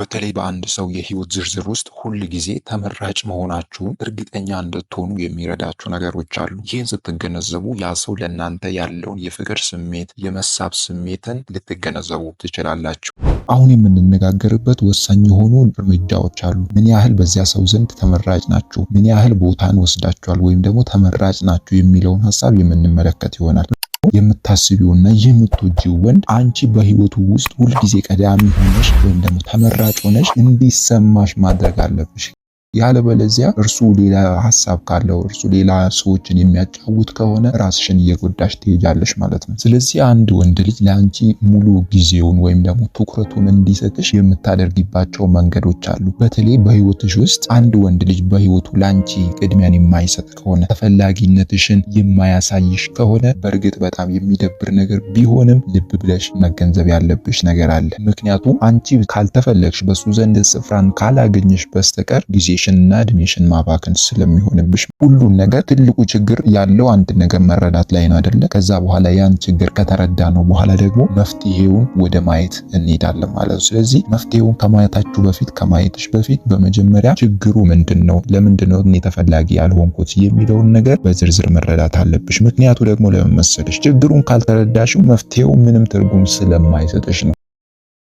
በተለይ በአንድ ሰው የህይወት ዝርዝር ውስጥ ሁል ጊዜ ተመራጭ መሆናችሁን እርግጠኛ እንድትሆኑ የሚረዳችሁ ነገሮች አሉ። ይህን ስትገነዘቡ ያ ሰው ለእናንተ ያለውን የፍቅር ስሜት፣ የመሳብ ስሜትን ልትገነዘቡ ትችላላችሁ። አሁን የምንነጋገርበት ወሳኝ የሆኑ እርምጃዎች አሉ። ምን ያህል በዚያ ሰው ዘንድ ተመራጭ ናችሁ፣ ምን ያህል ቦታን ወስዳችኋል፣ ወይም ደግሞ ተመራጭ ናችሁ የሚለውን ሀሳብ የምንመለከት ይሆናል። የምታስቢውና የምትወጂው ወንድ አንቺ በህይወቱ ውስጥ ሁልጊዜ ቀዳሚ ሆነሽ ወይም ደግሞ ተመራጭ ሆነሽ እንዲሰማሽ ማድረግ አለብሽ። ያለበለዚያ እርሱ ሌላ ሀሳብ ካለው እርሱ ሌላ ሰዎችን የሚያጫውት ከሆነ ራስሽን እየጎዳሽ ትሄጃለሽ ማለት ነው። ስለዚህ አንድ ወንድ ልጅ ለአንቺ ሙሉ ጊዜውን ወይም ደግሞ ትኩረቱን እንዲሰጥሽ የምታደርጊባቸው መንገዶች አሉ። በተለይ በህይወትሽ ውስጥ አንድ ወንድ ልጅ በህይወቱ ለአንቺ ቅድሚያን የማይሰጥ ከሆነ፣ ተፈላጊነትሽን የማያሳይሽ ከሆነ በእርግጥ በጣም የሚደብር ነገር ቢሆንም ልብ ብለሽ መገንዘብ ያለብሽ ነገር አለ። ምክንያቱም አንቺ ካልተፈለግሽ በሱ ዘንድ ስፍራን ካላገኘሽ በስተቀር ጊዜ ጊዜሽን እና እድሜሽን ማባከን ስለሚሆንብሽ ሁሉን ነገር ትልቁ ችግር ያለው አንድ ነገር መረዳት ላይ ነው አይደለ? ከዛ በኋላ ያን ችግር ከተረዳ ነው በኋላ ደግሞ መፍትሄውን ወደ ማየት እንሄዳለን ማለት ነው። ስለዚህ መፍትሄውን ከማየታችሁ በፊት ከማየትሽ በፊት በመጀመሪያ ችግሩ ምንድን ነው፣ ለምንድን ነው እኔ ተፈላጊ ያልሆንኩት የሚለውን ነገር በዝርዝር መረዳት አለብሽ። ምክንያቱ ደግሞ ለመመሰልሽ ችግሩን ካልተረዳሽው መፍትሄው ምንም ትርጉም ስለማይሰጥሽ ነው።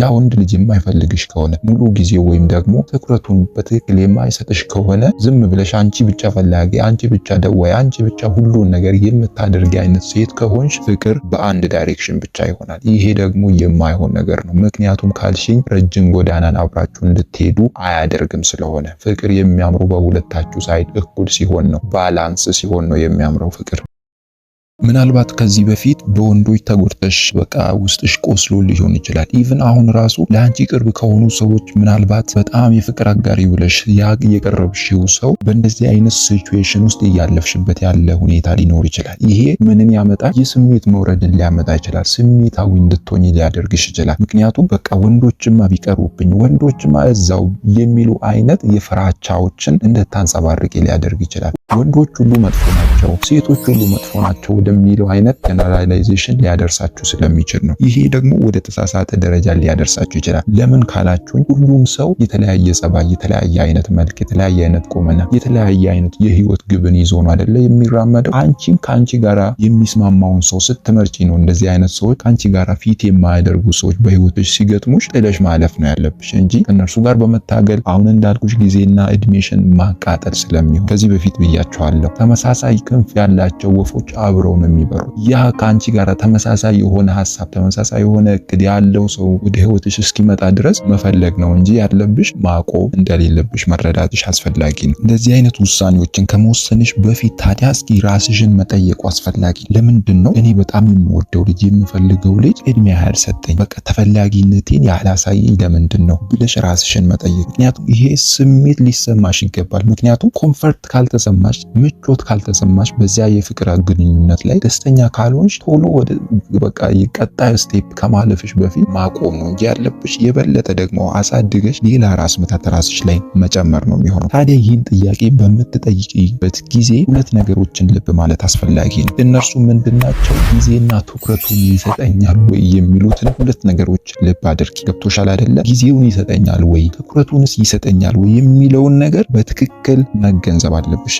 ያ ወንድ ልጅ የማይፈልግሽ ከሆነ ሙሉ ጊዜ ወይም ደግሞ ትኩረቱን በትክክል የማይሰጥሽ ከሆነ ዝም ብለሽ አንቺ ብቻ ፈላጊ፣ አንቺ ብቻ ደዋይ፣ አንቺ ብቻ ሁሉን ነገር የምታደርጊ አይነት ሴት ከሆንሽ ፍቅር በአንድ ዳይሬክሽን ብቻ ይሆናል። ይሄ ደግሞ የማይሆን ነገር ነው። ምክንያቱም ካልሽኝ ረጅም ጎዳናን አብራችሁ እንድትሄዱ አያደርግም። ስለሆነ ፍቅር የሚያምሩ በሁለታችሁ ሳይድ እኩል ሲሆን ነው፣ ባላንስ ሲሆን ነው የሚያምረው ፍቅር። ምናልባት ከዚህ በፊት በወንዶች ተጎድተሽ በቃ ውስጥሽ ቆስሎ ሊሆን ይችላል። ኢቭን አሁን ራሱ ለአንቺ ቅርብ ከሆኑ ሰዎች ምናልባት በጣም የፍቅር አጋሪ ብለሽ ያ የቀረብሽው ሰው በእንደዚህ አይነት ሲቹዌሽን ውስጥ እያለፍሽበት ያለ ሁኔታ ሊኖር ይችላል። ይሄ ምንን ያመጣል? የስሜት መውረድን ሊያመጣ ይችላል። ስሜታዊ እንድትሆኝ ሊያደርግሽ ይችላል። ምክንያቱም በቃ ወንዶችማ ቢቀርቡብኝ ወንዶችማ እዛው የሚሉ አይነት የፍራቻዎችን እንድታንጸባርቅ ሊያደርግ ይችላል። ወንዶች ሁሉ መጥፎ ናቸው፣ ሴቶች ሁሉ መጥፎ ናቸው ወደሚለው አይነት ጀነራላይዜሽን ሊያደርሳችሁ ስለሚችል ነው። ይሄ ደግሞ ወደ ተሳሳተ ደረጃ ሊያደርሳችሁ ይችላል። ለምን ካላችሁኝ ሁሉም ሰው የተለያየ ጸባይ፣ የተለያየ አይነት መልክ፣ የተለያየ አይነት ቁመና፣ የተለያየ አይነት የህይወት ግብን ይዞ ነው አደለ የሚራመደው። አንቺም ከአንቺ ጋራ የሚስማማውን ሰው ስትመርጪ ነው እንደዚህ አይነት ሰዎች ከአንቺ ጋራ ፊት የማያደርጉ ሰዎች በህይወቶች ሲገጥሙሽ ጥለሽ ማለፍ ነው ያለብሽ እንጂ ከእነርሱ ጋር በመታገል አሁን እንዳልኩሽ ጊዜና እድሜሽን ማቃጠል ስለሚሆን ከዚህ በፊት ብያችኋለሁ። ተመሳሳይ ክንፍ ያላቸው ወፎች አብረው ነው የሚበሩት። ያ ከአንቺ ጋር ተመሳሳይ የሆነ ሀሳብ ተመሳሳይ የሆነ እቅድ ያለው ሰው ወደ ህይወትሽ እስኪመጣ ድረስ መፈለግ ነው እንጂ ያለብሽ ማቆም እንደሌለብሽ መረዳትሽ አስፈላጊ ነው። እንደዚህ አይነት ውሳኔዎችን ከመወሰንሽ በፊት ታዲያ እስኪ ራስሽን መጠየቁ አስፈላጊ። ለምንድን ነው እኔ በጣም የምወደው ልጅ የምፈልገው ልጅ ቅድሚያ ያልሰጠኝ በቃ ተፈላጊነቴን ያላሳየኝ ለምንድን ነው ብለሽ ራስሽን መጠየቅ። ምክንያቱም ይሄ ስሜት ሊሰማሽ ይገባል። ምክንያቱም ኮንፈርት ካልተሰማሽ፣ ምቾት ካልተሰማሽ በዚያ የፍቅር ግንኙነት ላይ ደስተኛ ካልሆንሽ ቶሎ ወደ በቃ ቀጣዩ ስቴፕ ከማለፍሽ በፊት ማቆም ነው እንጂ ያለብሽ የበለጠ ደግሞ አሳድገሽ ሌላ ራስ ምታት ራስሽ ላይ መጨመር ነው የሚሆነው። ታዲያ ይህን ጥያቄ በምትጠይቅበት ጊዜ ሁለት ነገሮችን ልብ ማለት አስፈላጊ ነው። እነርሱ ምንድናቸው? ጊዜና ትኩረቱን ይሰጠኛል ወይ የሚሉትን ሁለት ነገሮች ልብ አድርጊ። ገብቶሻል አይደለ? ጊዜውን ይሰጠኛል ወይ ትኩረቱንስ ይሰጠኛል ወይ የሚለውን ነገር በትክክል መገንዘብ አለብሽ።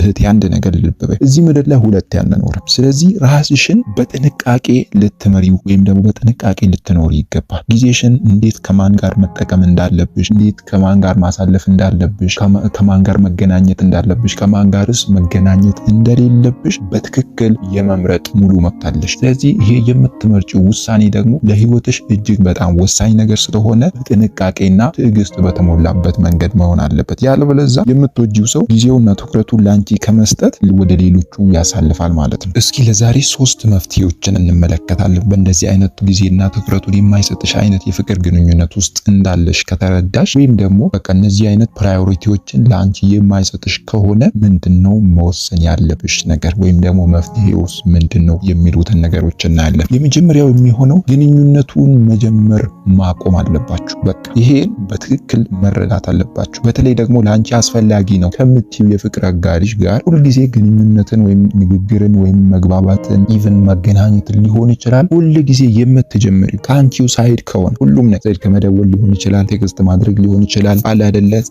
እህቴ አንድ ነገር ልብ በይ፣ እዚህ ምድር ላይ ሁለት ያንኖርም። ስለዚህ ራስሽን በጥንቃቄ ልትመሪው ወይም ደግሞ በጥንቃቄ ልትኖሪ ይገባል። ጊዜሽን እንዴት ከማን ጋር መጠቀም እንዳለብሽ፣ እንዴት ከማን ጋር ማሳለፍ እንዳለብሽ፣ ከማን ጋር መገናኘት እንዳለብሽ፣ ከማን ጋርስ መገናኘት እንደሌለብሽ በትክክል የመምረጥ ሙሉ መብት አለሽ። ስለዚህ ይሄ የምትመርጪው ውሳኔ ደግሞ ለህይወትሽ እጅግ በጣም ወሳኝ ነገር ስለሆነ በጥንቃቄና ትዕግስት በተሞላበት መንገድ መሆን አለበት። ያለበለዚያ የምትወጂው ሰው ጊዜውና ትኩረቱን እንጂ ከመስጠት ወደ ሌሎቹ ያሳልፋል ማለት ነው። እስኪ ለዛሬ ሶስት መፍትሄዎችን እንመለከታለን። በእንደዚህ አይነቱ ጊዜና ትኩረቱን የማይሰጥሽ አይነት የፍቅር ግንኙነት ውስጥ እንዳለሽ ከተረዳሽ ወይም ደግሞ በቃ እነዚህ አይነት ፕራዮሪቲዎችን ለአንቺ የማይሰጥሽ ከሆነ ምንድን ነው መወሰን ያለብሽ ነገር ወይም ደግሞ መፍትሄውስ ምንድን ነው የሚሉትን ነገሮች እናያለን። የመጀመሪያው የሚሆነው ግንኙነቱን መጀመር ማቆም አለባችሁ። በቃ ይሄን በትክክል መረዳት አለባችሁ። በተለይ ደግሞ ለአንቺ አስፈላጊ ነው ከምትይው የፍቅር አጋሪ ከሰዎች ጋር ሁልጊዜ ግንኙነትን ወይም ንግግርን ወይም መግባባትን ኢቭን መገናኘትን ሊሆን ይችላል ሁልጊዜ የምትጀምሪ ከአንቺው ሳይድ ከሆነ ሁሉም ነገር ከመደወል ሊሆን ይችላል፣ ቴክስት ማድረግ ሊሆን ይችላል፣ አለ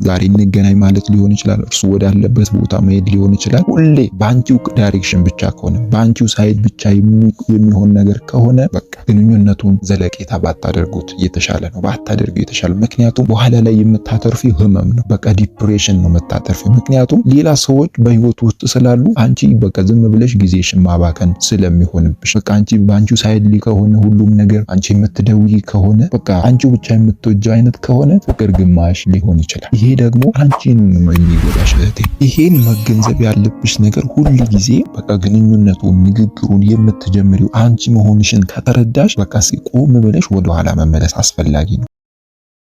ዛሬ እንገናኝ ማለት ሊሆን ይችላል፣ እርሱ ወዳለበት ቦታ መሄድ ሊሆን ይችላል። ሁሌ በአንቺው ዳይሬክሽን ብቻ ከሆነ በአንቺው ሳይድ ብቻ የሚሆን ነገር ከሆነ በቃ ግንኙነቱን ዘለቄታ ባታደርጉት የተሻለ ነው፣ ባታደርጉ የተሻለ ምክንያቱም በኋላ ላይ የምታተርፊ ህመም ነው፣ በቃ ዲፕሬሽን ነው የምታተርፊው ምክንያቱም ሌላ ሰዎች በህይወት ውስጥ ስላሉ አንቺ በቃ ዝም ብለሽ ጊዜሽን ማባከን ስለሚሆንብሽ በቃ አንቺ በአንቺ ሳይድ ከሆነ ሁሉም ነገር አንቺ የምትደውይ ከሆነ በቃ አንቺ ብቻ የምትወጂ አይነት ከሆነ ፍቅር ግማሽ ሊሆን ይችላል። ይሄ ደግሞ አንቺን ነው የሚጎዳሽ እህቴ። ይሄን መገንዘብ ያለብሽ ነገር ሁል ጊዜ በቃ ግንኙነቱን ንግግሩን የምትጀምሪው አንቺ መሆንሽን ከተረዳሽ በቃ ቆም ብለሽ ወደኋላ መመለስ አስፈላጊ ነው።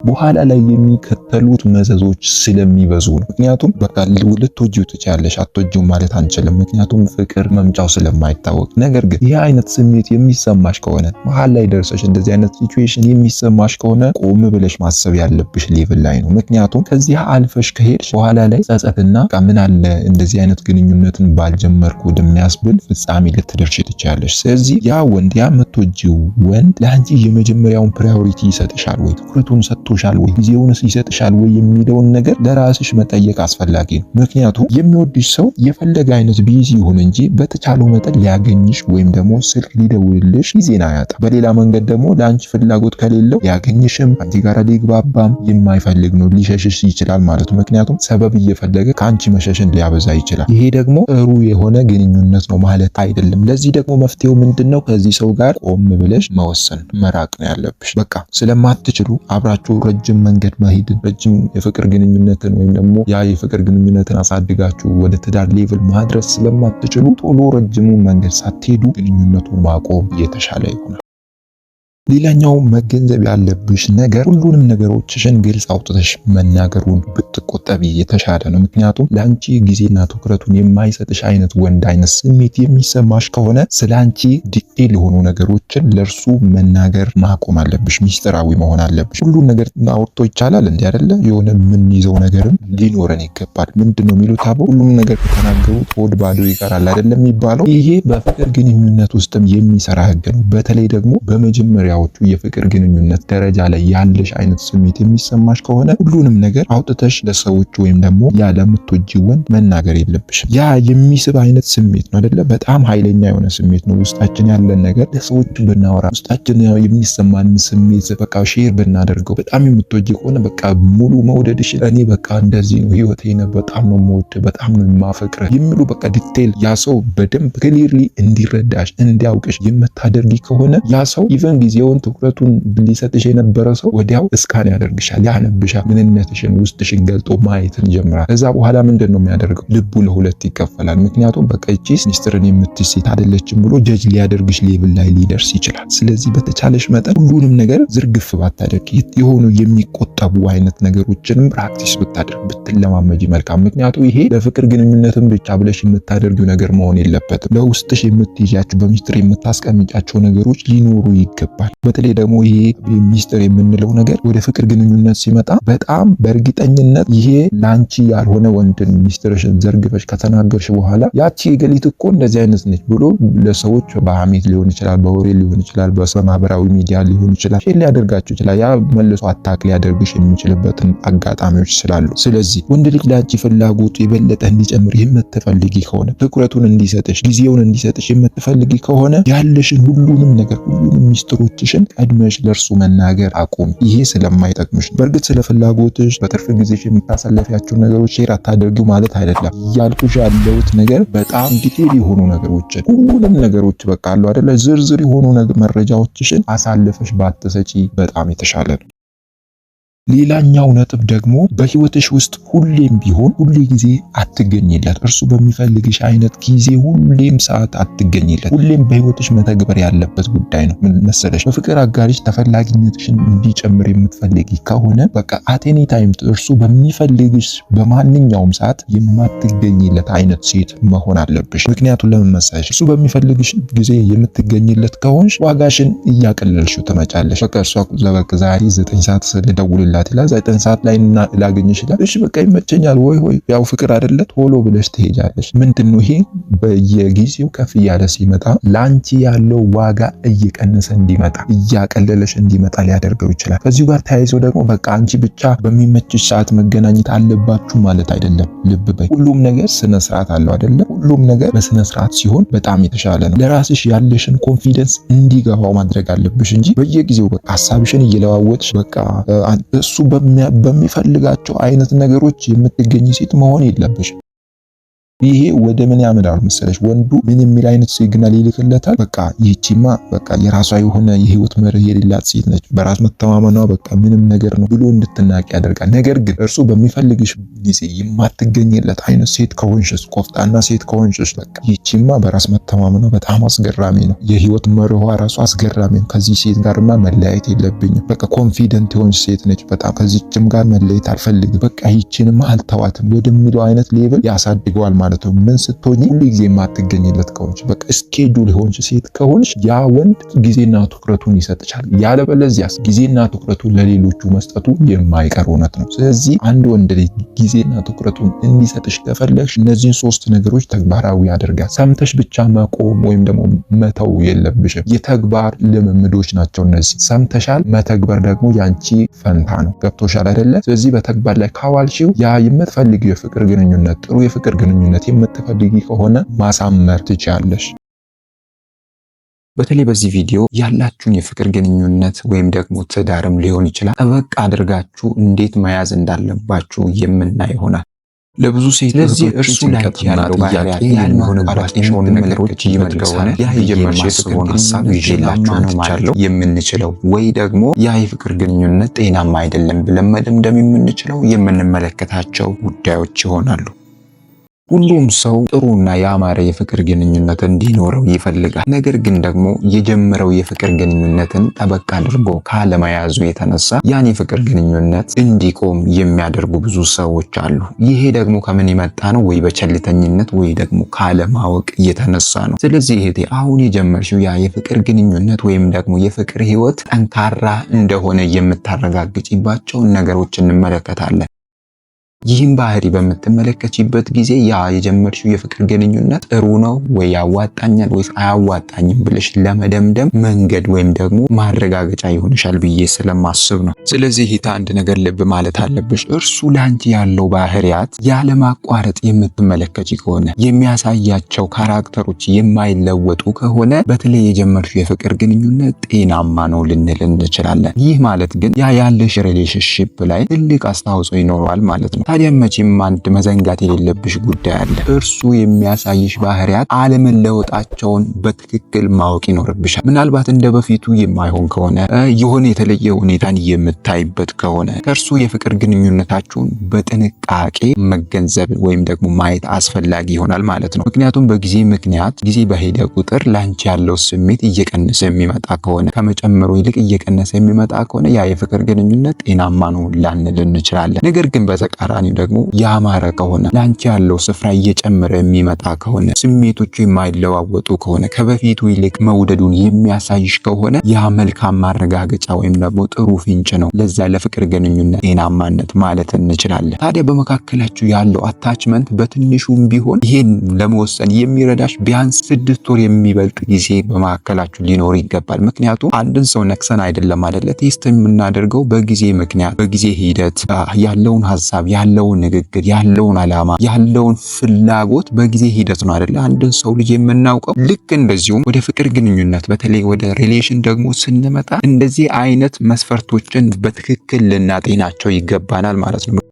በኋላ ላይ የሚከተሉት መዘዞች ስለሚበዙ ነው። ምክንያቱም በቃ ልትወጂው ትችያለሽ፣ አትወጂው ማለት አንችልም። ምክንያቱም ፍቅር መምጫው ስለማይታወቅ። ነገር ግን ይህ አይነት ስሜት የሚሰማሽ ከሆነ መሀል ላይ ደርሰሽ እንደዚህ አይነት ሲቹዌሽን የሚሰማሽ ከሆነ ቆም ብለሽ ማሰብ ያለብሽ ሌቭል ላይ ነው። ምክንያቱም ከዚህ አልፈሽ ከሄድሽ በኋላ ላይ ጸጸትና ምን አለ እንደዚህ አይነት ግንኙነትን ባልጀመርኩ ወደሚያስብል ፍጻሜ ልትደርሽ ትችያለሽ። ስለዚህ ያ ወንድ ያ የምትወጂው ወንድ ለአንቺ የመጀመሪያውን ፕራዮሪቲ ይሰጥሻል ወይ ትኩረቱን ሰጥ ሰጥቶሻል ወይ፣ ጊዜውንስ ይሰጥሻል ወይ የሚለውን ነገር ለራስሽ መጠየቅ አስፈላጊ ነው። ምክንያቱም የሚወድሽ ሰው የፈለገ አይነት ቢዚ ይሁን እንጂ በተቻለው መጠን ሊያገኝሽ ወይም ደግሞ ስልክ ሊደውልልሽ ጊዜን አያጣም። በሌላ መንገድ ደግሞ ለአንቺ ፍላጎት ከሌለው ሊያገኝሽም አንቺ ጋር ሊግባባም የማይፈልግ ነው፣ ሊሸሽሽ ይችላል ማለት ነው። ምክንያቱም ሰበብ እየፈለገ ከአንቺ መሸሽን ሊያበዛ ይችላል። ይሄ ደግሞ ጥሩ የሆነ ግንኙነት ነው ማለት አይደለም። ለዚህ ደግሞ መፍትሄው ምንድን ነው? ከዚህ ሰው ጋር ቆም ብለሽ መወሰን መራቅ ነው ያለብሽ። በቃ ስለማትችሉ አብራችሁ ረጅም መንገድ መሄድን ረጅም የፍቅር ግንኙነትን ወይም ደግሞ ያ የፍቅር ግንኙነትን አሳድጋችሁ ወደ ትዳር ሌቭል ማድረስ ስለማትችሉ ቶሎ ረጅሙን መንገድ ሳትሄዱ ግንኙነቱን ማቆም የተሻለ ይሆናል። ሌላኛው መገንዘብ ያለብሽ ነገር ሁሉንም ነገሮችሽን ግልጽ አውጥተሽ መናገሩን ብትቆጠቢ የተሻለ ነው። ምክንያቱም ለአንቺ ጊዜና ትኩረቱን የማይሰጥሽ አይነት ወንድ አይነት ስሜት የሚሰማሽ ከሆነ ስለ አንቺ ዲቴል የሆኑ ነገሮችን ለእርሱ መናገር ማቆም አለብሽ። ሚስጥራዊ መሆን አለብሽ። ሁሉን ነገር አውርቶ ይቻላል እንዲ አደለ? የሆነ የምንይዘው ነገርም ሊኖረን ይገባል። ምንድን ነው የሚሉት አበው ሁሉም ነገር ከተናገሩት ሆድ ባዶ ይቀራል አይደለም የሚባለው። ይሄ በፍቅር ግንኙነት ውስጥም የሚሰራ ህግ ነው። በተለይ ደግሞ በመጀመሪያ የመጀመሪያዎቹ የፍቅር ግንኙነት ደረጃ ላይ ያለሽ አይነት ስሜት የሚሰማሽ ከሆነ ሁሉንም ነገር አውጥተሽ ለሰዎች ወይም ደግሞ ያ ለምትወጂው ወንድ መናገር የለብሽ። ያ የሚስብ አይነት ስሜት ነው አይደለ? በጣም ኃይለኛ የሆነ ስሜት ነው። ውስጣችን ያለን ነገር ለሰዎች ብናወራ፣ ውስጣችን የሚሰማን ስሜት በቃ ሼር ብናደርገው፣ በጣም የምትወጂ ከሆነ በቃ ሙሉ መውደድሽ እኔ በቃ እንደዚህ ነው ህይወቴ ነ በጣም ነው መወድ፣ በጣም ነው የማፈቅረ የሚሉ በቃ ዲቴይል ያ ሰው በደንብ ክሊርሊ እንዲረዳሽ እንዲያውቅሽ የምታደርጊ ከሆነ ያ ሰው ኢቨን ጊዜው ጊዜውን ትኩረቱን ሊሰጥሽ የነበረ ሰው ወዲያው እስካን ያደርግሻል፣ ያነብሻል። ምንነትሽን ውስጥሽን ገልጦ ማየትን ይጀምራል። ከዛ በኋላ ምንድን ነው የሚያደርገው? ልቡ ለሁለት ይከፈላል። ምክንያቱም በቀጭስ ሚስጥርን የምትሽ ሴት አይደለችም ብሎ ጀጅ ሊያደርግሽ ሌብል ላይ ሊደርስ ይችላል። ስለዚህ በተቻለሽ መጠን ሁሉንም ነገር ዝርግፍ ባታደርግ፣ የሆኑ የሚቆጠቡ አይነት ነገሮችንም ፕራክቲስ ብታደርግ ብትለማመጅ መልካም። ምክንያቱም ይሄ ለፍቅር ግንኙነትን ብቻ ብለሽ የምታደርጊው ነገር መሆን የለበትም። ለውስጥሽ የምትይዣቸው በሚስጥር የምታስቀምጫቸው ነገሮች ሊኖሩ ይገባል። በተለይ ደግሞ ይሄ ሚስጥር የምንለው ነገር ወደ ፍቅር ግንኙነት ሲመጣ በጣም በእርግጠኝነት ይሄ ላንቺ ያልሆነ ወንድን ሚስጥርሽን ዘርግፈሽ ከተናገርሽ በኋላ ያቺ የገሊት እኮ እንደዚህ አይነት ነች ብሎ ለሰዎች በሐሜት ሊሆን ይችላል፣ በወሬ ሊሆን ይችላል፣ በማህበራዊ ሚዲያ ሊሆን ይችላል፣ ሊያደርጋቸው ይችላል። ያ መልሶ አታክ ሊያደርግሽ የሚችልበትን አጋጣሚዎች ስላሉ፣ ስለዚህ ወንድ ልጅ ላንቺ ፍላጎቱ የበለጠ እንዲጨምር የምትፈልጊ ከሆነ ትኩረቱን እንዲሰጥሽ፣ ጊዜውን እንዲሰጥሽ የምትፈልጊ ከሆነ ያለሽን ሁሉንም ነገር ሁሉንም ሚስጥሮች ፍላጎቶችሽን ቀድመሽ ለእርሱ መናገር አቁም። ይሄ ስለማይጠቅምሽ ነው። በእርግጥ ስለ ፍላጎትሽ በትርፍ ጊዜሽ የምታሳለፊያቸው ነገሮች ሼር አታደርጊ ማለት አይደለም። እያልኩሽ ያለሁት ነገር በጣም ዲቴል የሆኑ ነገሮችን ሁሉንም ነገሮች በቃ አሉ አደለ፣ ዝርዝር የሆኑ መረጃዎችሽን አሳልፈሽ ባትሰጪ በጣም የተሻለ ነው። ሌላኛው ነጥብ ደግሞ በህይወትሽ ውስጥ ሁሌም ቢሆን ሁሌ ጊዜ አትገኝለት። እርሱ በሚፈልግሽ አይነት ጊዜ ሁሌም ሰዓት አትገኝለት። ሁሌም በህይወትሽ መተግበር ያለበት ጉዳይ ነው። ምን መሰለሽ፣ በፍቅር አጋሪሽ ተፈላጊነትሽን እንዲጨምር የምትፈልጊ ከሆነ በቃ አቴኒ ታይም እርሱ በሚፈልግሽ በማንኛውም ሰዓት የማትገኝለት አይነት ሴት መሆን አለብሽ። ምክንያቱም ለምን መሰለሽ፣ እርሱ በሚፈልግሽ ጊዜ የምትገኝለት ከሆንሽ ዋጋሽን እያቀለልሽው ትመጫለሽ። በቃ እርሷ ዛሬ ዘጠኝ ሰዓት ልደውልላት ይችላል ይላል። ዘጠኝ ሰዓት ላይ ላገኝ ይችላል። እሺ በቃ ይመቸኛል ወይ ወይ ያው ፍቅር አይደለ ቶሎ ብለሽ ትሄጃለሽ። ምንድን ነው ይሄ በየጊዜው ከፍ እያለ ሲመጣ ለአንቺ ያለው ዋጋ እየቀነሰ እንዲመጣ እያቀለለሽ እንዲመጣ ሊያደርገው ይችላል። ከዚሁ ጋር ተያይዞ ደግሞ በቃ አንቺ ብቻ በሚመችሽ ሰዓት መገናኘት አለባችሁ ማለት አይደለም። ልብ በይ፣ ሁሉም ነገር ስነ ስርዓት አለው አይደለም። ሁሉም ነገር በስነ ስርዓት ሲሆን በጣም የተሻለ ነው። ለራስሽ ያለሽን ኮንፊደንስ እንዲገባው ማድረግ አለብሽ እንጂ በየጊዜው በቃ ሀሳብሽን እየለዋወጥሽ በቃ እሱ በሚፈልጋቸው አይነት ነገሮች የምትገኝ ሴት መሆን የለብሽም። ይሄ ወደ ምን ያመዳል መሰለሽ? ወንዱ ምን የሚል አይነት ሲግናል ይልክለታል? በቃ ይህቺማ በቃ የራሷ የሆነ የህይወት መርህ የሌላት ሴት ነች፣ በራስ መተማመኗ በቃ ምንም ነገር ነው ብሎ እንድትናቅ ያደርጋል። ነገር ግን እርሱ በሚፈልግሽ ጊዜ የማትገኝለት አይነት ሴት ከሆንሽስ፣ ቆፍጣና ሴት ከሆንሽስ፣ በቃ ይህቺማ በራስ መተማመኗ በጣም አስገራሚ ነው፣ የህይወት መርኋ ራሱ አስገራሚ ነው፣ ከዚህ ሴት ጋርማ መለያየት የለብኝም፣ በቃ ኮንፊደንት የሆንሽ ሴት ነች፣ በጣም ከዚችም ጋር መለየት አልፈልግም፣ በቃ ይህችንማ አልተዋትም ወደሚለው አይነት ሌብል ያሳድገዋል ማለት ማለት ነው። ምን ስትሆኝ ሁሉ ጊዜ የማትገኝለት ከሆንች በቃ እስኬጁል የሆንች ሴት ከሆንች ያ ወንድ ጊዜና ትኩረቱን ይሰጥቻል። ያለበለዚያስ ጊዜና ትኩረቱን ለሌሎቹ መስጠቱ የማይቀር እውነት ነው። ስለዚህ አንድ ወንድ ልጅ ጊዜና ትኩረቱን እንዲሰጥሽ ከፈለግሽ እነዚህን ሶስት ነገሮች ተግባራዊ ያደርጋል። ሰምተሽ ብቻ መቆም ወይም ደግሞ መተው የለብሽም። የተግባር ልምምዶች ናቸው እነዚህ። ሰምተሻል፣ መተግበር ደግሞ ያንቺ ፈንታ ነው። ገብቶሻል አይደለ? ስለዚህ በተግባር ላይ ካዋልሽው ያ የምትፈልጊው የፍቅር ግንኙነት ጥሩ የፍቅር ግንኙነት ግንኙነት የምትፈልጊ ከሆነ ማሳመር ትችያለሽ። በተለይ በዚህ ቪዲዮ ያላችሁን የፍቅር ግንኙነት ወይም ደግሞ ትዳርም ሊሆን ይችላል ጠበቅ አድርጋችሁ እንዴት መያዝ እንዳለባችሁ የምናይ ይሆናል። ለብዙ ሴት ለዚህ እርሱ ላይ ያለው ባህሪያት የሚሆንባቸውን ነገሮች ይመድገሆነ ያ የምንሽስሆን ሀሳብ ይዤላችሁ መጥቻለሁ። የምንችለው ወይ ደግሞ ያ የፍቅር ግንኙነት ጤናማ አይደለም ብለን መደምደም የምንችለው የምንመለከታቸው ጉዳዮች ይሆናሉ። ሁሉም ሰው ጥሩና ያማረ የፍቅር ግንኙነት እንዲኖረው ይፈልጋል። ነገር ግን ደግሞ የጀመረው የፍቅር ግንኙነትን ጠበቅ አድርጎ ካለመያዙ የተነሳ ያን የፍቅር ግንኙነት እንዲቆም የሚያደርጉ ብዙ ሰዎች አሉ። ይሄ ደግሞ ከምን የመጣ ነው? ወይ በቸልተኝነት ወይ ደግሞ ካለማወቅ የተነሳ ነው። ስለዚህ እህቴ አሁን የጀመርሽው ያ የፍቅር ግንኙነት ወይም ደግሞ የፍቅር ህይወት ጠንካራ እንደሆነ የምታረጋግጭባቸውን ነገሮች እንመለከታለን። ይህም ባህሪ በምትመለከችበት ጊዜ ያ የጀመርሽው የፍቅር ግንኙነት ጥሩ ነው ወይ ያዋጣኛል ወይስ አያዋጣኝም ብለሽ ለመደምደም መንገድ ወይም ደግሞ ማረጋገጫ ይሆንሻል ብዬ ስለማስብ ነው። ስለዚህ ሂታ አንድ ነገር ልብ ማለት አለብሽ። እርሱ ለአንቺ ያለው ባህሪያት ያለማቋረጥ የምትመለከች ከሆነ የሚያሳያቸው ካራክተሮች የማይለወጡ ከሆነ በተለይ የጀመርሽው የፍቅር ግንኙነት ጤናማ ነው ልንል እንችላለን። ይህ ማለት ግን ያ ያለሽ ሪሌሽንሽፕ ላይ ትልቅ አስተዋጽኦ ይኖረዋል ማለት ነው። ታዲያ መቼም አንድ መዘንጋት የሌለብሽ ጉዳይ አለ። እርሱ የሚያሳይሽ ባህሪያት አለመለወጣቸውን በትክክል ማወቅ ይኖርብሻል። ምናልባት እንደ በፊቱ የማይሆን ከሆነ የሆነ የተለየ ሁኔታን የምታይበት ከሆነ ከእርሱ የፍቅር ግንኙነታችሁን በጥንቃቄ መገንዘብ ወይም ደግሞ ማየት አስፈላጊ ይሆናል ማለት ነው። ምክንያቱም በጊዜ ምክንያት ጊዜ በሄደ ቁጥር ላንቺ ያለው ስሜት እየቀነሰ የሚመጣ ከሆነ ከመጨመሩ ይልቅ እየቀነሰ የሚመጣ ከሆነ ያ የፍቅር ግንኙነት ጤናማ ነው ላንል እንችላለን። ነገር ግን በተቃራ በተቃራኒው ደግሞ ያማረ ከሆነ ለአንቺ ያለው ስፍራ እየጨመረ የሚመጣ ከሆነ ስሜቶቹ የማይለዋወጡ ከሆነ ከበፊቱ ይልቅ መውደዱን የሚያሳይሽ ከሆነ ያ መልካም ማረጋገጫ ወይም ደግሞ ጥሩ ፍንጭ ነው ለዛ ለፍቅር ግንኙነት ጤናማነት ማለት እንችላለን። ታዲያ በመካከላችሁ ያለው አታችመንት በትንሹም ቢሆን ይሄን ለመወሰን የሚረዳሽ ቢያንስ ስድስት ወር የሚበልጥ ጊዜ በመካከላችሁ ሊኖር ይገባል። ምክንያቱም አንድን ሰው ነክሰን አይደለም አደለ ቴስት የምናደርገው በጊዜ ምክንያት በጊዜ ሂደት ያለውን ሀሳብ ያለውን ንግግር፣ ያለውን አላማ ያለውን ፍላጎት በጊዜ ሂደት ነው አይደለ አንድን ሰው ልጅ የምናውቀው። ልክ እንደዚሁም ወደ ፍቅር ግንኙነት በተለይ ወደ ሪሌሽን ደግሞ ስንመጣ እንደዚህ አይነት መስፈርቶችን በትክክል ልናጤናቸው ይገባናል ማለት ነው።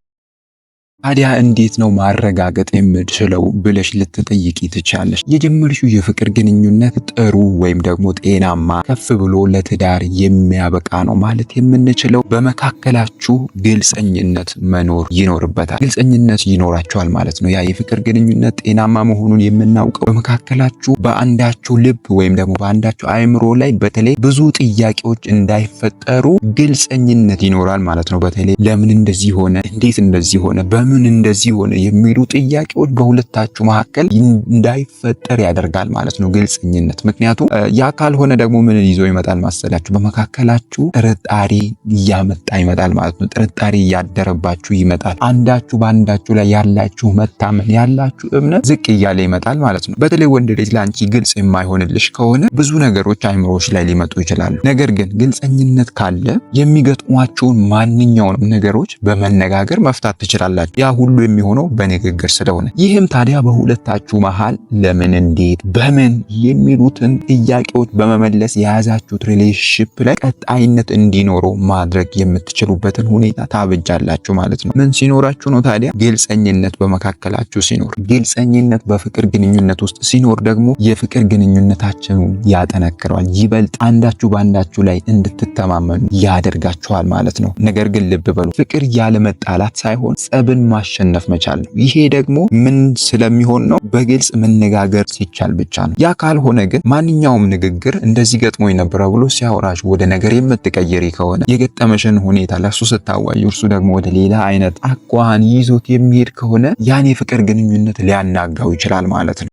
ታዲያ እንዴት ነው ማረጋገጥ የምችለው ብለሽ ልትጠይቂ ትቻለሽ። የጀመርሽው የፍቅር ግንኙነት ጥሩ ወይም ደግሞ ጤናማ ከፍ ብሎ ለትዳር የሚያበቃ ነው ማለት የምንችለው በመካከላችሁ ግልጸኝነት መኖር ይኖርበታል። ግልጸኝነት ይኖራችኋል ማለት ነው። ያ የፍቅር ግንኙነት ጤናማ መሆኑን የምናውቀው በመካከላችሁ በአንዳችሁ ልብ ወይም ደግሞ በአንዳችሁ አእምሮ ላይ በተለይ ብዙ ጥያቄዎች እንዳይፈጠሩ ግልጸኝነት ይኖራል ማለት ነው። በተለይ ለምን እንደዚህ ሆነ፣ እንዴት እንደዚህ ሆነ፣ በምን ለምን እንደዚህ ሆነ የሚሉ ጥያቄዎች በሁለታችሁ መካከል እንዳይፈጠር ያደርጋል ማለት ነው። ግልጽኝነት። ምክንያቱም ያ ካልሆነ ደግሞ ምን ይዞ ይመጣል ማሰላችሁ? በመካከላችሁ ጥርጣሬ እያመጣ ይመጣል ማለት ነው። ጥርጣሬ እያደረባችሁ ይመጣል። አንዳችሁ በአንዳችሁ ላይ ያላችሁ መታመን፣ ያላችሁ እምነት ዝቅ እያለ ይመጣል ማለት ነው። በተለይ ወንድ ልጅ ለአንቺ ግልጽ የማይሆንልሽ ከሆነ ብዙ ነገሮች አይምሮች ላይ ሊመጡ ይችላሉ። ነገር ግን ግልጸኝነት ካለ የሚገጥሟቸውን ማንኛውንም ነገሮች በመነጋገር መፍታት ትችላላችሁ። ያ ሁሉ የሚሆነው በንግግር ስለሆነ ይህም ታዲያ በሁለታችሁ መሃል ለምን፣ እንዴት፣ በምን የሚሉትን ጥያቄዎች በመመለስ የያዛችሁት ሪሌሽንሽፕ ላይ ቀጣይነት እንዲኖረው ማድረግ የምትችሉበትን ሁኔታ ታብጃላችሁ ማለት ነው። ምን ሲኖራችሁ ነው ታዲያ? ግልፀኝነት በመካከላችሁ ሲኖር፣ ግልፀኝነት በፍቅር ግንኙነት ውስጥ ሲኖር ደግሞ የፍቅር ግንኙነታችን ያጠነክረዋል። ይበልጥ አንዳችሁ በአንዳችሁ ላይ እንድትተማመኑ ያደርጋችኋል ማለት ነው። ነገር ግን ልብ በሉ ፍቅር ያለመጣላት ሳይሆን ጸብን ማሸነፍ መቻል ነው። ይሄ ደግሞ ምን ስለሚሆን ነው? በግልጽ መነጋገር ሲቻል ብቻ ነው። ያ ካልሆነ ግን ማንኛውም ንግግር እንደዚህ ገጥሞ ነበረ ብሎ ሲያወራሽ ወደ ነገር የምትቀየሪ ከሆነ የገጠመሽን ሁኔታ ለእሱ ስታዋይ እርሱ ደግሞ ወደ ሌላ አይነት አኳኋን ይዞት የሚሄድ ከሆነ ያን የፍቅር ግንኙነት ሊያናጋው ይችላል ማለት ነው።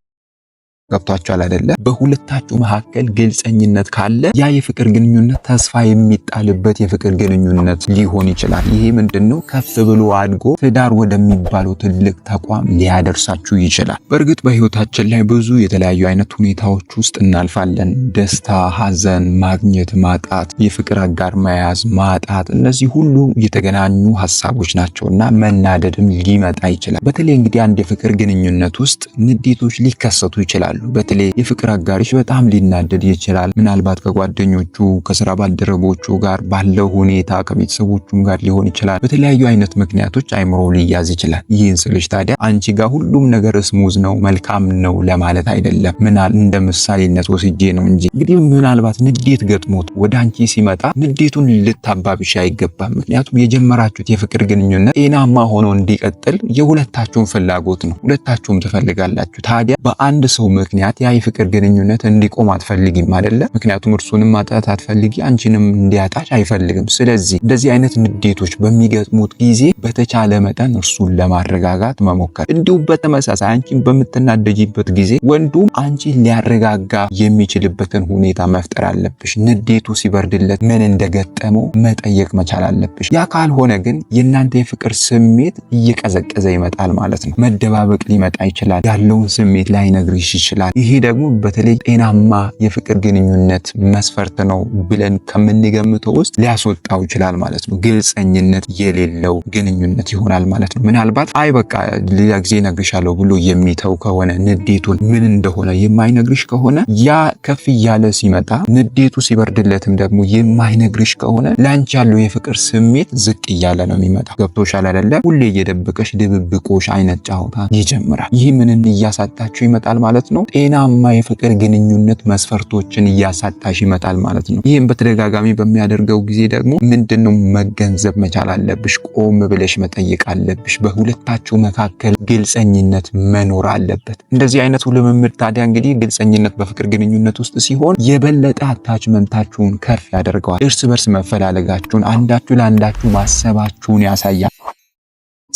ገብቷቸዋል አይደለ? በሁለታችሁ መካከል ግልፀኝነት ካለ ያ የፍቅር ግንኙነት ተስፋ የሚጣልበት የፍቅር ግንኙነት ሊሆን ይችላል። ይሄ ምንድን ነው? ከፍ ብሎ አድጎ ትዳር ወደሚባለው ትልቅ ተቋም ሊያደርሳችሁ ይችላል። በእርግጥ በህይወታችን ላይ ብዙ የተለያዩ አይነት ሁኔታዎች ውስጥ እናልፋለን። ደስታ፣ ሀዘን፣ ማግኘት፣ ማጣት፣ የፍቅር አጋር መያዝ፣ ማጣት፣ እነዚህ ሁሉ የተገናኙ ሀሳቦች ናቸው እና መናደድም ሊመጣ ይችላል። በተለይ እንግዲህ አንድ የፍቅር ግንኙነት ውስጥ ንዴቶች ሊከሰቱ ይችላል። ይችላሉ። በተለይ የፍቅር አጋሪሽ በጣም ሊናደድ ይችላል። ምናልባት ከጓደኞቹ ከስራ ባልደረቦቹ ጋር ባለው ሁኔታ ከቤተሰቦቹም ጋር ሊሆን ይችላል። በተለያዩ አይነት ምክንያቶች አይምሮ ሊያዝ ይችላል። ይህን ስልሽ ታዲያ አንቺ ጋር ሁሉም ነገር ስሙዝ ነው መልካም ነው ለማለት አይደለም። ምናል እንደ ምሳሌነት ወስጄ ነው እንጂ እንግዲህ ምናልባት ንዴት ገጥሞት ወደ አንቺ ሲመጣ ንዴቱን ልታባብሽ አይገባም። ምክንያቱም የጀመራችሁት የፍቅር ግንኙነት ጤናማ ሆኖ እንዲቀጥል የሁለታችሁም ፍላጎት ነው። ሁለታችሁም ትፈልጋላችሁ። ታዲያ በአንድ ሰው ምክንያት ያ የፍቅር ግንኙነት እንዲቆም አትፈልጊም አደለ? ምክንያቱም እርሱንም ማጣት አትፈልጊ፣ አንቺንም እንዲያጣሽ አይፈልግም። ስለዚህ እንደዚህ አይነት ንዴቶች በሚገጥሙት ጊዜ በተቻለ መጠን እርሱን ለማረጋጋት መሞከር፣ እንዲሁም በተመሳሳይ አንቺን በምትናደጂበት ጊዜ ወንዱም አንቺን ሊያረጋጋ የሚችልበትን ሁኔታ መፍጠር አለብሽ። ንዴቱ ሲበርድለት ምን እንደገጠመው መጠየቅ መቻል አለብሽ። ያ ካልሆነ ግን የእናንተ የፍቅር ስሜት እየቀዘቀዘ ይመጣል ማለት ነው። መደባበቅ ሊመጣ ይችላል። ያለውን ስሜት ላይነግርሽ ይችላል ይችላል። ይሄ ደግሞ በተለይ ጤናማ የፍቅር ግንኙነት መስፈርት ነው ብለን ከምንገምተው ውስጥ ሊያስወጣው ይችላል ማለት ነው። ግልፀኝነት የሌለው ግንኙነት ይሆናል ማለት ነው። ምናልባት አይ በቃ ሌላ ጊዜ እነግርሻለሁ ብሎ የሚተው ከሆነ ንዴቱን ምን እንደሆነ የማይነግርሽ ከሆነ ያ ከፍ እያለ ሲመጣ ንዴቱ ሲበርድለትም ደግሞ የማይነግርሽ ከሆነ ለአንቺ ያለው የፍቅር ስሜት ዝቅ እያለ ነው የሚመጣ። ገብቶሻል አይደለ? ሁሌ እየደበቀሽ ድብብቆሽ አይነት ጫወታ ይጀምራል። ይህ ምንን እያሳጣችሁ ይመጣል ማለት ነው። ጤናማ የፍቅር ግንኙነት መስፈርቶችን እያሳጣሽ ይመጣል ማለት ነው። ይህም በተደጋጋሚ በሚያደርገው ጊዜ ደግሞ ምንድነው መገንዘብ መቻል አለብሽ። ቆም ብለሽ መጠየቅ አለብሽ። በሁለታችሁ መካከል ግልፀኝነት መኖር አለበት። እንደዚህ አይነቱ ልምምድ ታዲያ እንግዲህ ግልፀኝነት በፍቅር ግንኙነት ውስጥ ሲሆን የበለጠ አታችመንታችሁን ከፍ ያደርገዋል። እርስ በርስ መፈላለጋችሁን፣ አንዳችሁ ለአንዳችሁ ማሰባችሁን ያሳያል።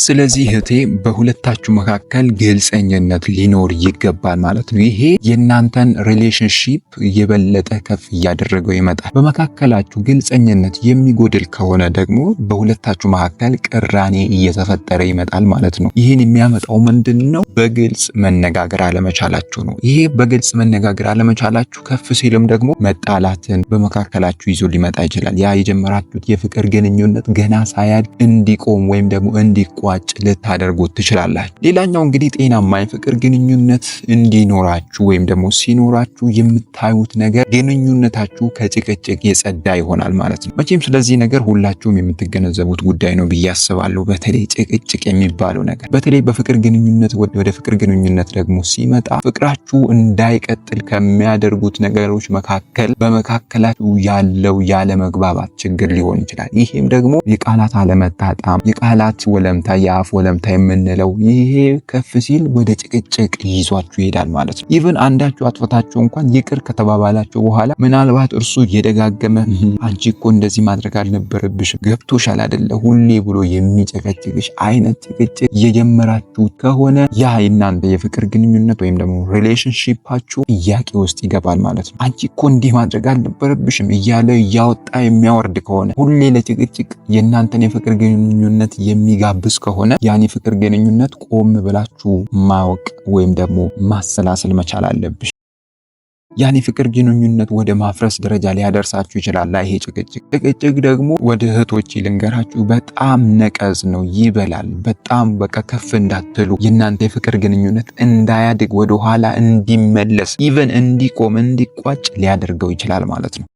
ስለዚህ እህቴ በሁለታችሁ መካከል ግልጸኝነት ሊኖር ይገባል ማለት ነው። ይሄ የእናንተን ሪሌሽንሺፕ የበለጠ ከፍ እያደረገው ይመጣል። በመካከላችሁ ግልጸኝነት የሚጎድል ከሆነ ደግሞ በሁለታችሁ መካከል ቅራኔ እየተፈጠረ ይመጣል ማለት ነው። ይህን የሚያመጣው ምንድን ነው? በግልጽ መነጋገር አለመቻላችሁ ነው። ይሄ በግልጽ መነጋገር አለመቻላችሁ ከፍ ሲልም ደግሞ መጣላትን በመካከላችሁ ይዞ ሊመጣ ይችላል። ያ የጀመራችሁት የፍቅር ግንኙነት ገና ሳያድ እንዲቆም ወይም ደግሞ እንዲቆ እንዲቋጭ ልታደርጉት ትችላላችሁ። ሌላኛው እንግዲህ ጤናማ የፍቅር ግንኙነት እንዲኖራችሁ ወይም ደግሞ ሲኖራችሁ የምታዩት ነገር ግንኙነታችሁ ከጭቅጭቅ የጸዳ ይሆናል ማለት ነው። መቼም ስለዚህ ነገር ሁላችሁም የምትገነዘቡት ጉዳይ ነው ብዬ አስባለሁ። በተለይ ጭቅጭቅ የሚባለው ነገር በተለይ በፍቅር ግንኙነት ወደ ፍቅር ግንኙነት ደግሞ ሲመጣ ፍቅራችሁ እንዳይቀጥል ከሚያደርጉት ነገሮች መካከል በመካከላችሁ ያለው ያለመግባባት ችግር ሊሆን ይችላል። ይህም ደግሞ የቃላት አለመጣጣም፣ የቃላት ወለምታ የአፍ ወለምታ የምንለው ይሄ ከፍ ሲል ወደ ጭቅጭቅ ይዟችሁ ይሄዳል ማለት ነው። ኢቭን አንዳችሁ አጥፈታችሁ እንኳን ይቅር ከተባባላችሁ በኋላ ምናልባት እርሱ እየደጋገመ አንቺ እኮ እንደዚህ ማድረግ አልነበረብሽም ገብቶሻል አይደለ ሁሌ ብሎ የሚጨቀጭቅሽ አይነት ጭቅጭቅ እየጀመራችሁ ከሆነ ያ የእናንተ የፍቅር ግንኙነት ወይም ደግሞ ሪሌሽንሺፓችሁ ጥያቄ ውስጥ ይገባል ማለት ነው። አንቺ እኮ እንዲህ ማድረግ አልነበረብሽም እያለ እያወጣ የሚያወርድ ከሆነ ሁሌ ለጭቅጭቅ የእናንተን የፍቅር ግንኙነት የሚጋብዝ ከሆነ ያን የፍቅር ግንኙነት ቆም ብላችሁ ማወቅ ወይም ደግሞ ማሰላሰል መቻል አለብሽ። ያን የፍቅር ግንኙነት ወደ ማፍረስ ደረጃ ሊያደርሳችሁ ይችላል። ይሄ ጭቅጭቅ ጭቅጭቅ ደግሞ ወደ እህቶች ልንገራችሁ፣ በጣም ነቀዝ ነው፣ ይበላል። በጣም በቃ ከፍ እንዳትሉ የእናንተ የፍቅር ግንኙነት እንዳያድግ ወደ ኋላ እንዲመለስ ኢቨን እንዲቆም እንዲቋጭ ሊያደርገው ይችላል ማለት ነው።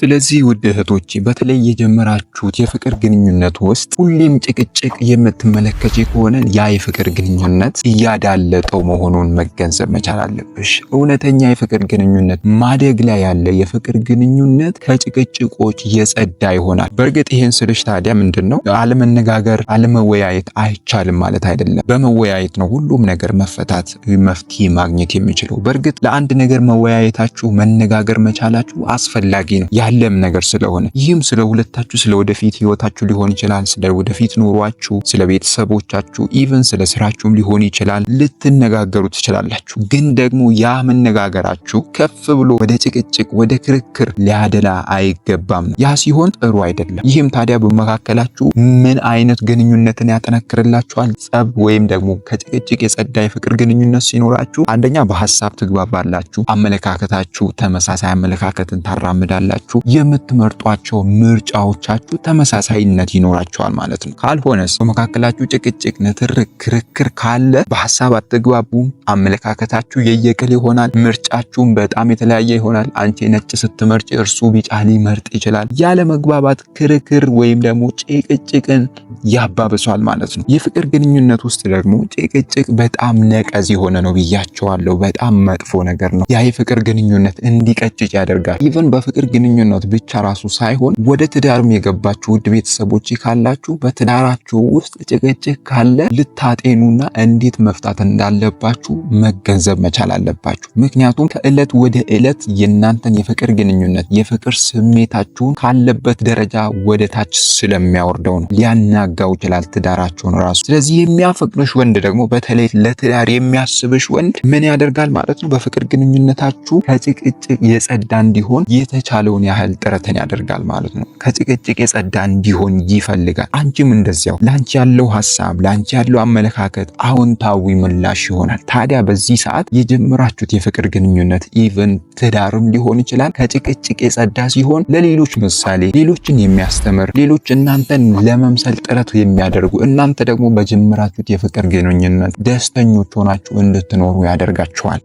ስለዚህ ውድ እህቶች በተለይ የጀመራችሁት የፍቅር ግንኙነት ውስጥ ሁሌም ጭቅጭቅ የምትመለከች ከሆነ ያ የፍቅር ግንኙነት እያዳለጠው መሆኑን መገንዘብ መቻል አለብሽ። እውነተኛ የፍቅር ግንኙነት፣ ማደግ ላይ ያለ የፍቅር ግንኙነት ከጭቅጭቆች የጸዳ ይሆናል። በእርግጥ ይህን ስልሽ ታዲያ ምንድን ነው አለመነጋገር፣ አለመወያየት አይቻልም ማለት አይደለም። በመወያየት ነው ሁሉም ነገር መፈታት፣ መፍትሄ ማግኘት የሚችለው። በእርግጥ ለአንድ ነገር መወያየታችሁ፣ መነጋገር መቻላችሁ አስፈላጊ ነው። ያለም ነገር ስለሆነ ይህም ስለ ሁለታችሁ ስለ ወደፊት ህይወታችሁ ሊሆን ይችላል፣ ስለ ወደፊት ኑሯችሁ፣ ስለ ቤተሰቦቻችሁ፣ ኢቨን ስለ ስራችሁም ሊሆን ይችላል። ልትነጋገሩ ትችላላችሁ። ግን ደግሞ ያ መነጋገራችሁ ከፍ ብሎ ወደ ጭቅጭቅ ወደ ክርክር ሊያደላ አይገባም። ያ ሲሆን ጥሩ አይደለም። ይህም ታዲያ በመካከላችሁ ምን አይነት ግንኙነትን ያጠነክርላችኋል? ጸብ ወይም ደግሞ ከጭቅጭቅ የጸዳ የፍቅር ግንኙነት ሲኖራችሁ አንደኛ በሀሳብ ትግባባላችሁ፣ አመለካከታችሁ ተመሳሳይ አመለካከትን ታራምዳላችሁ ብላችሁ የምትመርጧቸው ምርጫዎቻችሁ ተመሳሳይነት ይኖራቸዋል ማለት ነው። ካልሆነስ በመካከላችሁ ጭቅጭቅ፣ ንትርክ፣ ክርክር ካለ በሀሳብ አትግባቡም። አመለካከታችሁ የየቅል ይሆናል። ምርጫችሁም በጣም የተለያየ ይሆናል። አንቺ ነጭ ስትመርጭ እርሱ ቢጫ ሊመርጥ ይችላል። መግባባት ክርክር ወይም ደግሞ ጭቅጭቅን ያባብሷል ማለት ነው። የፍቅር ግንኙነት ውስጥ ደግሞ ጭቅጭቅ በጣም ነቀዝ የሆነ ነው ብያቸዋለሁ። በጣም መጥፎ ነገር ነው። ያ የፍቅር ግንኙነት እንዲቀጭጭ ያደርጋል። ኢቨን በፍቅር ግንኙነት ግንኙነት ብቻ ራሱ ሳይሆን ወደ ትዳርም የገባችሁ ውድ ቤተሰቦች ካላችሁ በትዳራችሁ ውስጥ ጭቅጭቅ ካለ ልታጤኑና እንዴት መፍታት እንዳለባችሁ መገንዘብ መቻል አለባችሁ። ምክንያቱም ከዕለት ወደ እለት የእናንተን የፍቅር ግንኙነት የፍቅር ስሜታችሁን ካለበት ደረጃ ወደ ታች ስለሚያወርደው ነው፣ ሊያናጋው ይችላል ትዳራችሁን ራሱ። ስለዚህ የሚያፈቅርሽ ወንድ ደግሞ በተለይ ለትዳር የሚያስብሽ ወንድ ምን ያደርጋል ማለት ነው በፍቅር ግንኙነታችሁ ከጭቅጭቅ የጸዳ እንዲሆን የተቻለውን ያህል ጥረትን ያደርጋል ማለት ነው። ከጭቅጭቅ የጸዳ እንዲሆን ይፈልጋል። አንቺም እንደዚያው ለአንቺ ያለው ሀሳብ፣ ለአንቺ ያለው አመለካከት አዎንታዊ ምላሽ ይሆናል። ታዲያ በዚህ ሰዓት የጀመራችሁት የፍቅር ግንኙነት ኢቨን ትዳርም ሊሆን ይችላል ከጭቅጭቅ የጸዳ ሲሆን ለሌሎች ምሳሌ፣ ሌሎችን የሚያስተምር ሌሎች እናንተን ለመምሰል ጥረት የሚያደርጉ እናንተ ደግሞ በጀመራችሁት የፍቅር ግንኙነት ደስተኞች ሆናችሁ እንድትኖሩ ያደርጋችኋል።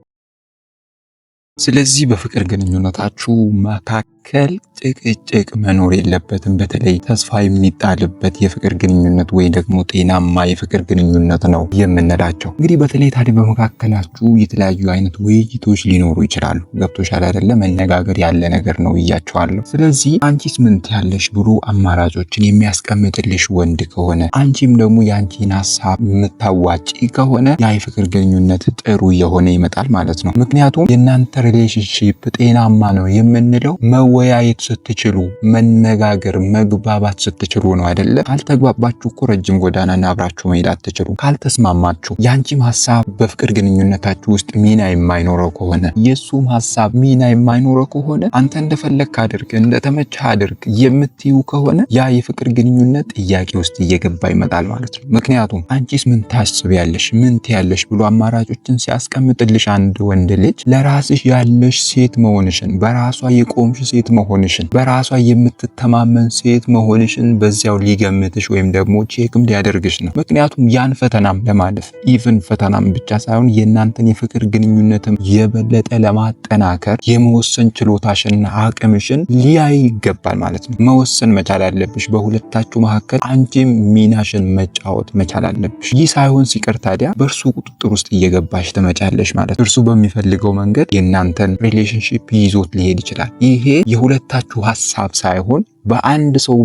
ስለዚህ በፍቅር ግንኙነታችሁ መካከል መካከል ጭቅጭቅ መኖር የለበትም። በተለይ ተስፋ የሚጣልበት የፍቅር ግንኙነት ወይ ደግሞ ጤናማ የፍቅር ግንኙነት ነው የምንላቸው። እንግዲህ በተለይ ታዲያ በመካከላችሁ የተለያዩ አይነት ውይይቶች ሊኖሩ ይችላሉ። ገብቶሻል አይደለ? መነጋገር ያለ ነገር ነው እያቸዋለሁ። ስለዚህ አንቺስ ምን ትያለሽ ብሎ አማራጮችን የሚያስቀምጥልሽ ወንድ ከሆነ አንቺም ደግሞ የአንቺን ሀሳብ የምታዋጪ ከሆነ ያ የፍቅር ግንኙነት ጥሩ የሆነ ይመጣል ማለት ነው። ምክንያቱም የእናንተ ሪሌሽንሽፕ ጤናማ ነው የምንለው መወ መወያየት ስትችሉ መነጋገር መግባባት ስትችሉ ነው አይደለም። ካልተግባባችሁ እኮ ረጅም ጎዳናና አብራችሁ መሄድ አትችሉ። ካልተስማማችሁ የአንቺም ሀሳብ በፍቅር ግንኙነታችሁ ውስጥ ሚና የማይኖረው ከሆነ የእሱም ሀሳብ ሚና የማይኖረው ከሆነ አንተ እንደፈለግክ አድርግ፣ እንደተመቸህ አድርግ የምትዩ ከሆነ ያ የፍቅር ግንኙነት ጥያቄ ውስጥ እየገባ ይመጣል ማለት ነው። ምክንያቱም አንቺስ ምን ታስቢያለሽ፣ ምን ትያለሽ ብሎ አማራጮችን ሲያስቀምጥልሽ አንድ ወንድ ልጅ ለራስሽ ያለሽ ሴት መሆንሽን በራሷ የቆምሽ ሴት ሴት መሆንሽን በራሷ የምትተማመን ሴት መሆንሽን በዚያው ሊገምትሽ ወይም ደግሞ ቼክም ሊያደርግሽ ነው። ምክንያቱም ያን ፈተናም ለማለፍ ኢቭን ፈተናም ብቻ ሳይሆን የእናንተን የፍቅር ግንኙነትም የበለጠ ለማጠናከር የመወሰን ችሎታሽንና አቅምሽን ሊያይ ይገባል ማለት ነው። መወሰን መቻል አለብሽ። በሁለታችሁ መካከል አንቺም ሚናሽን መጫወት መቻል አለብሽ። ይህ ሳይሆን ሲቀር ታዲያ በእርሱ ቁጥጥር ውስጥ እየገባሽ ትመጫለሽ ማለት ነው። እርሱ በሚፈልገው መንገድ የእናንተን ሪሌሽንሽፕ ይዞት ሊሄድ ይችላል። ይሄ የሁለታችሁ ሀሳብ ሳይሆን በአንድ ሰው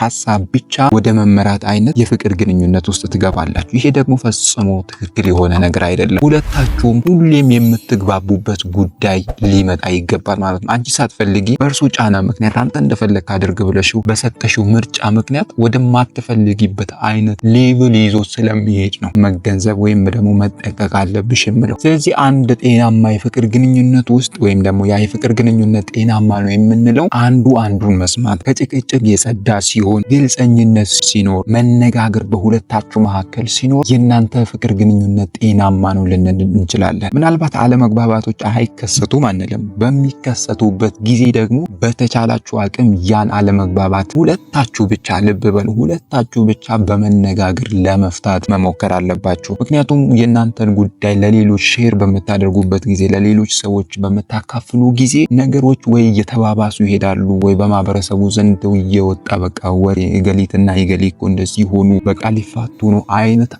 ሀሳብ ብቻ ወደ መመራት አይነት የፍቅር ግንኙነት ውስጥ ትገባላችሁ። ይሄ ደግሞ ፈጽሞ ትክክል የሆነ ነገር አይደለም። ሁለታችሁም ሁሌም የምትግባቡበት ጉዳይ ሊመጣ ይገባል ማለት ነው። አንቺ ሳትፈልጊ በእርሱ ጫና ምክንያት አንተ እንደፈለግ አድርግ ብለሽው በሰጠሽው ምርጫ ምክንያት ወደማትፈልጊበት አይነት ሌቭል ይዞ ስለሚሄድ ነው መገንዘብ ወይም ደግሞ መጠቀቅ አለብሽ የምለው። ስለዚህ አንድ ጤናማ የፍቅር ግንኙነት ውስጥ ወይም ደግሞ ያ የፍቅር ግንኙነት ጤናማ ነው የምንለው አንዱ አንዱን መስማት ከጭቅጭቅ የጸዳ ሲሆን፣ ግልጸኝነት ሲኖር፣ መነጋገር በሁለታችሁ መካከል ሲኖር የእናንተ ፍቅር ግንኙነት ጤናማ ነው ልንል እንችላለን። ምናልባት አለመግባባቶች አይከሰቱም አንልም። በሚከሰቱበት ጊዜ ደግሞ በተቻላችሁ አቅም ያን አለመግባባት ሁለታችሁ ብቻ ልብ በሉ፣ ሁለታችሁ ብቻ በመነጋገር ለመፍታት መሞከር አለባችሁ። ምክንያቱም የእናንተን ጉዳይ ለሌሎች ሼር በምታደርጉበት ጊዜ፣ ለሌሎች ሰዎች በምታካፍሉ ጊዜ ነገሮች ወይ እየተባባሱ ይሄዳሉ ወይ በማህበረሰቡ ዘንድ ከአጥንት እየወጣ በቃ ወሬ እገሊትና እገሌ እኮ እንደዚህ ሆኑ በቃ ሊፋቱ ነው አይነት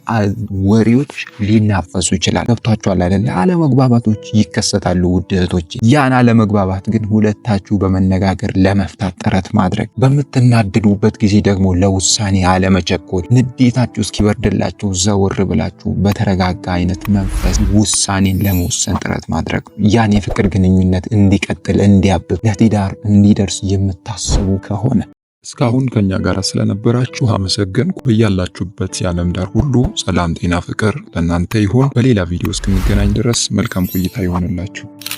ወሬዎች ሊናፈሱ ይችላል። ገብቷችኋል አይደለ? አለመግባባቶች ይከሰታሉ ውድ እህቶች። ያን አለመግባባት ግን ሁለታችሁ በመነጋገር ለመፍታት ጥረት ማድረግ፣ በምትናድዱበት ጊዜ ደግሞ ለውሳኔ አለመቸኮል፣ ንዴታችሁ እስኪበርድላችሁ ዘወር ብላችሁ በተረጋጋ አይነት መንፈስ ውሳኔን ለመወሰን ጥረት ማድረግ ያን የፍቅር ግንኙነት እንዲቀጥል እንዲያብብ ለትዳር እንዲደርስ የምታስቡ ከሆነ ሆነ። እስካሁን ከኛ ጋር ስለነበራችሁ አመሰገንኩ። በያላችሁበት የዓለም ዳር ሁሉ ሰላም፣ ጤና፣ ፍቅር ለእናንተ ይሆን። በሌላ ቪዲዮ እስክንገናኝ ድረስ መልካም ቆይታ ይሆንላችሁ።